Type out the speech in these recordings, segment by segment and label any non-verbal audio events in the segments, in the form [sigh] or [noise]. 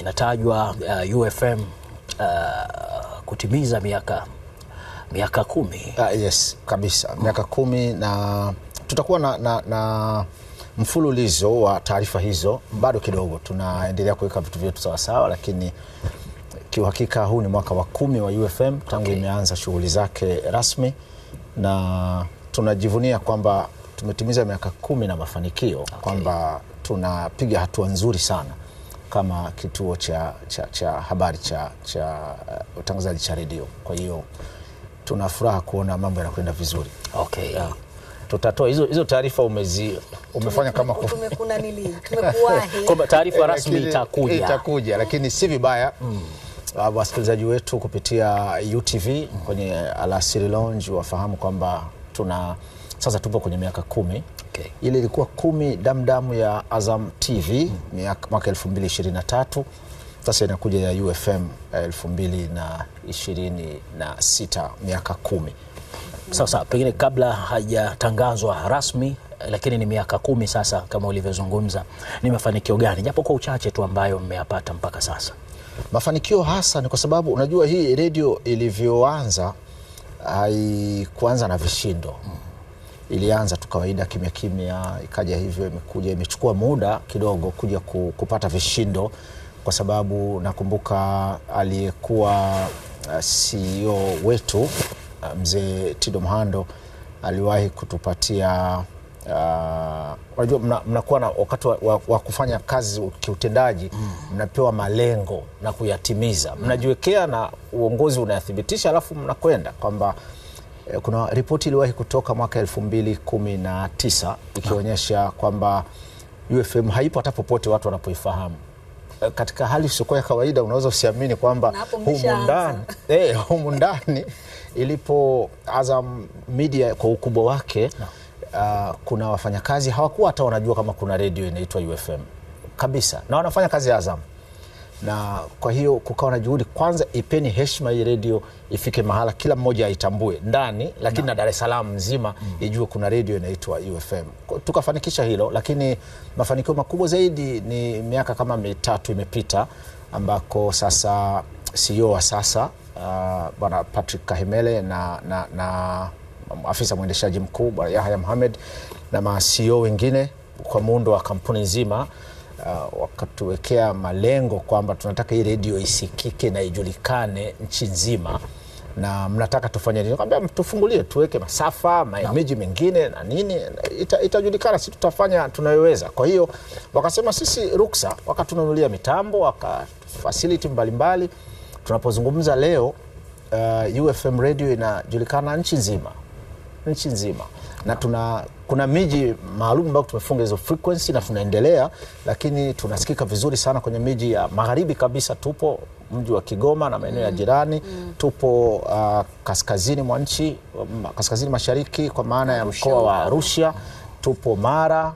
inatajwa uh, UFM uh, kutimiza miaka miaka kumi. Uh, yes kabisa miaka kumi na tutakuwa na, na, na mfululizo wa taarifa hizo. Bado kidogo tunaendelea kuweka vitu vyetu sawasawa, lakini kiuhakika huu ni mwaka wa kumi wa UFM tangu okay, imeanza shughuli zake rasmi na tunajivunia kwamba tumetimiza miaka kumi na mafanikio okay, kwamba tunapiga hatua nzuri sana kama kituo cha, cha, cha habari cha, cha uh, utangazaji cha redio. Kwa hiyo tuna furaha kuona mambo yanakwenda vizuri. Okay. Yeah. Tutatoa hizo hizo taarifa umezi umefanya kama [laughs] tumekuwahi kwamba taarifa eh, rasmi itakuja itakuja, lakini si vibaya mm. Uh, wasikilizaji wetu kupitia UTV mm. kwenye Alasiri Lounge wafahamu kwamba tuna sasa tupo kwenye miaka kumi okay. Ile ilikuwa kumi damdamu ya Azam TV mm. mwaka tatu sasa inakuja ya UFM eh, sita miaka kumi Sasa pengine kabla hajatangazwa rasmi eh, lakini ni miaka kumi sasa, kama ulivyozungumza, ni mafanikio gani japo kwa uchache tu ambayo mmeyapata mpaka sasa? Mafanikio hasa ni kwa sababu unajua hii redio ilivyoanza haikuanza na vishindo ilianza tu kawaida kimya kimya, ikaja hivyo, imekuja imechukua muda kidogo kuja ku, kupata vishindo, kwa sababu nakumbuka aliyekuwa uh, CEO wetu uh, mzee Tido Mhando aliwahi kutupatia Ah, unajua uh, mnakuwa mna na wakati wa, wa, wa kufanya kazi kiutendaji mm. mnapewa malengo na kuyatimiza mm. mnajiwekea, na uongozi unayathibitisha, alafu mnakwenda kwamba eh, kuna ripoti iliwahi kutoka mwaka elfu mbili kumi na tisa ikionyesha kwamba UFM haipo hata popote watu wanapoifahamu eh, katika hali isiyokuwa ya kawaida, unaweza usiamini kwamba humu ndani eh, humu ndani ilipo Azam Media kwa ukubwa wake no uh, kuna wafanyakazi hawakuwa hata wanajua kama kuna redio inaitwa UFM kabisa, na wanafanya kazi ya Azam, na kwa hiyo kukawa na juhudi kwanza, ipeni heshima hii redio, ifike mahala kila mmoja aitambue ndani, lakini na, na Dar es Salaam nzima mm, ijue kuna redio inaitwa UFM. Tukafanikisha hilo, lakini mafanikio makubwa zaidi ni miaka kama mitatu imepita ambako sasa CEO wa sasa uh, Bwana Patrick Kahemele na, na, na afisa mwendeshaji mkuu Bwana Yahya Mohamed na maceo wengine kwa muundo wa kampuni nzima uh, wakatuwekea malengo kwamba tunataka hii redio isikike na ijulikane nchi nzima na mnataka tufanye nini? Kwambia tufungulie, tuweke masafa no. mengine na nini, ita, itajulikana, si tutafanya tunayoweza. Kwa hiyo wakasema sisi ruksa, wakatununulia mitambo, waka mbalimbali. Tunapozungumza leo uh, UFM radio inajulikana nchi nzima nchi nzima na tuna kuna miji maalum ambayo tumefunga hizo frequency na tunaendelea, lakini tunasikika vizuri sana kwenye miji ya magharibi kabisa. Tupo mji wa Kigoma na maeneo ya mm. jirani mm. Tupo uh, kaskazini mwa nchi, kaskazini mashariki kwa maana ya mkoa wa Arusha, tupo Mara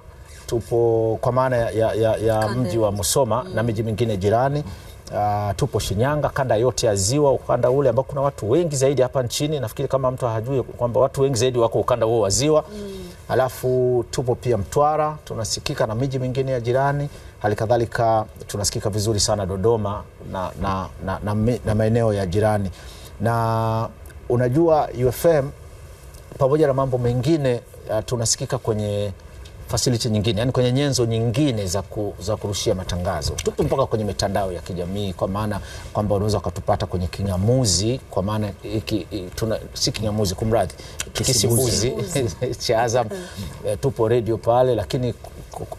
tupo kwa maana ya, ya, ya mji wa Musoma mm. na miji mingine jirani Uh, tupo Shinyanga, kanda yote ya ziwa, ukanda ule ambao kuna watu wengi zaidi hapa nchini. Nafikiri kama mtu hajui kwamba watu wengi zaidi wako ukanda huo wa ziwa mm. Alafu tupo pia Mtwara, tunasikika na miji mingine ya jirani, hali kadhalika tunasikika vizuri sana Dodoma na, na, na, na, na, na maeneo ya jirani, na unajua UFM pamoja na mambo mengine uh, tunasikika kwenye facility nyingine, yani kwenye nyenzo nyingine za, ku, za kurushia matangazo. Tupo mpaka kwenye mitandao ya kijamii, kwa maana kwamba unaweza ukatupata kwenye king'amuzi, kwa maana iki, tuna, si king'amuzi, kumradhi, kisibuzi [laughs] cha Azam. Mm. Eh, tupo redio pale, lakini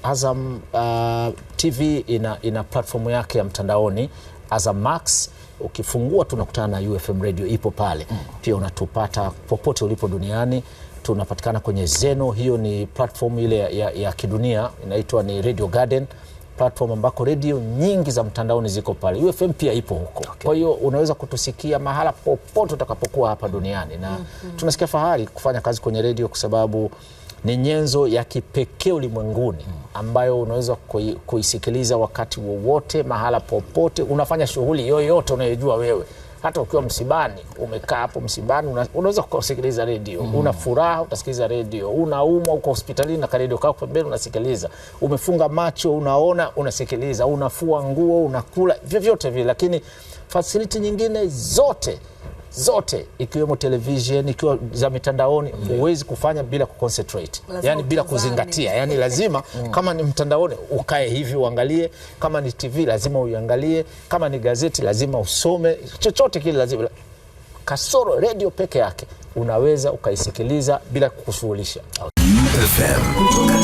Azam uh, ah, TV ina, ina platfomu yake ya mtandaoni Azam Max ukifungua tunakutana na UFM radio ipo pale mm. Pia unatupata popote ulipo duniani tunapatikana kwenye Zeno, hiyo ni platform ile ya, ya kidunia inaitwa ni Radio Garden platform ambako redio nyingi za mtandaoni ziko pale. UFM pia ipo huko okay. Kwa hiyo unaweza kutusikia mahala popote utakapokuwa hapa duniani na mm -hmm. Tunasikia fahari kufanya kazi kwenye redio kwa sababu ni nyenzo ya kipekee ulimwenguni mm ambayo unaweza kuisikiliza wakati wowote mahala popote, unafanya shughuli yoyote unayojua wewe hata ukiwa msibani umekaa hapo msibani una, unaweza kusikiliza redio mm. Una furaha utasikiliza redio, unaumwa uko hospitalini na karedio kako pembeni unasikiliza, umefunga macho unaona unasikiliza, unafua nguo unakula, vyovyote vile, lakini fasiliti nyingine zote zote ikiwemo television ikiwa za mitandaoni mm. huwezi kufanya bila kuconcentrate yani bila kuzingatia yani lazima [laughs] mm. kama ni mtandaoni ukae hivi uangalie kama ni tv lazima uiangalie kama ni gazeti lazima usome chochote kile lazima kasoro redio peke yake unaweza ukaisikiliza bila kukushughulisha okay.